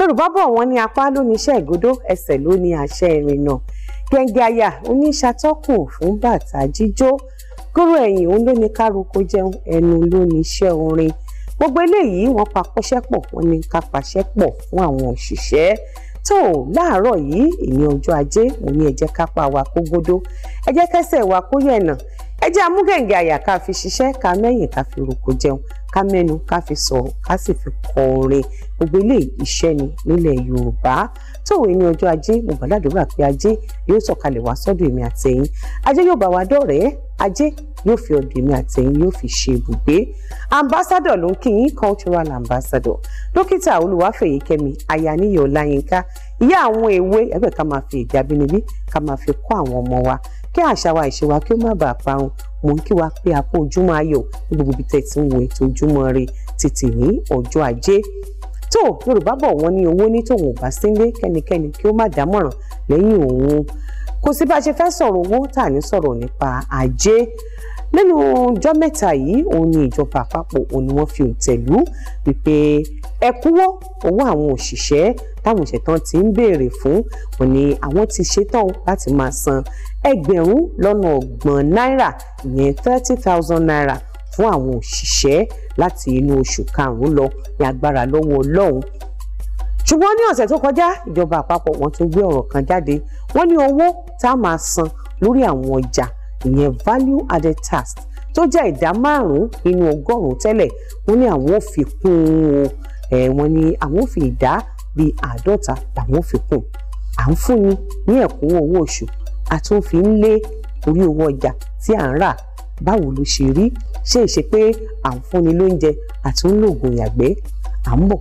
yorùbá bọ̀ wọ́n ní apá ló ní iṣẹ́ ìgodó ẹsẹ̀ ló ní àṣẹ ìrìnnà gẹ́gẹ́ aya oníṣàtọ́kùn fún bàtà jíjó gúrú ẹ̀yìn òun ló ní kárukó jẹun ẹnu ló ní iṣẹ́ orin gbogbo eléyìí wọ́n pa kọ́ṣẹ́ pọ̀ wọ́n ní ká pàṣẹ pọ̀ fún àwọn òṣìṣẹ́ tó láàárọ̀ yìí ìní ọjọ́ ajé mo ní ẹ jẹ́ kápá wa kó gbódó ẹ jẹ́ kẹ́sẹ̀ kó yẹ̀nà jẹ́ amúgẹ̀ǹgẹ̀ àyà ká fi ṣiṣẹ́ ká mẹ́yìn ká fi roko jẹun ká mẹ́nu ká fi sọ̀rọ̀ ká sì fi kọ orin gbogbo ilé iṣẹ́ ni nílẹ̀ Yorùbá tòwé ní ọjọ́ ajé mo gbàdúrà pé ajé yóò sọ̀kalẹ̀ wá sọ́dọ̀ èmi àtẹ̀yìn ajé yóò bá wa dọ̀rẹ́ ajé yóò fi ọ̀dọ̀ èmi àtẹ̀yìn yóò fi ṣe ibùgbé ambassador ló ń kí yín cultural ambassador dókítà Olúwafẹ́yìkẹ́mi ayaníyẹ Ọláyínká ìyá àwọn èwe ẹgbẹ́ ká máa fi èdè abínibí ká máa fi kọ́ àwọn ọmọ wa kí àṣà wa ìṣe wa kí ó má bàa parun mò ń kí wa pé a kú ojúmọ́ ayọ̀ ní gbogbo ibi tẹ́ ti ń wo ètò ojúmọ́ ire títì ní ọjọ́ ajé tó yorùbá bọ̀ wọ́n ní owó ní tòun ò bá sílé kẹ́nikẹ́ni kí ó má dámọ̀ràn lẹ́yìn òun kò sí bá a ṣe fẹ́ sọ̀rọ̀ owó tà ní sọ̀rọ̀ nípa ajé lẹ́nu ọjọ́ mẹ́ta yìí òun ni ìjọba àpapọ̀ òun ni wọ́n fi òǹtẹ̀lú wípé ẹ̀kúnwó owó àwọn òṣìṣẹ́ táwọn òṣìṣẹ́ tán ti ń béèrè fún wọn ni àwọn ti ṣetán láti máa san ẹgbẹ̀rún lọ́nà ọgbọ̀n náírà ìyẹn thirty thousand naira fún àwọn òṣìṣẹ́ láti inú oṣù karùn-ún lọ ní agbára lọ́wọ́ ọlọ́run ṣùgbọ́n ní ọ̀sẹ̀ tó kọjá ìjọba àpapọ̀ wọn tún gbé ọ̀rọ̀ kan jáde wọ́n ní owó tá a máa san lórí àwọn ọjà ìyẹn value added tax tó jẹ́ ìdá márùn-ún nínú ọgọ́rùn-ún tẹ́lẹ̀ wọ́n ní àwọn ò fi kún un o wọ́n ní àwọn ò fi ìdá bíi àádọ́ta làwọn ò fi kún à ń fúnni ní ẹ̀kúnwó owó oṣù a tún fi ń lé orí owó ọjà tí à ń rà báwo ló ṣe rí ṣé ìṣe pé à ń fúnni lóúnjẹ àti ń lòògùn ìyàgbẹ́ à ń bọ̀.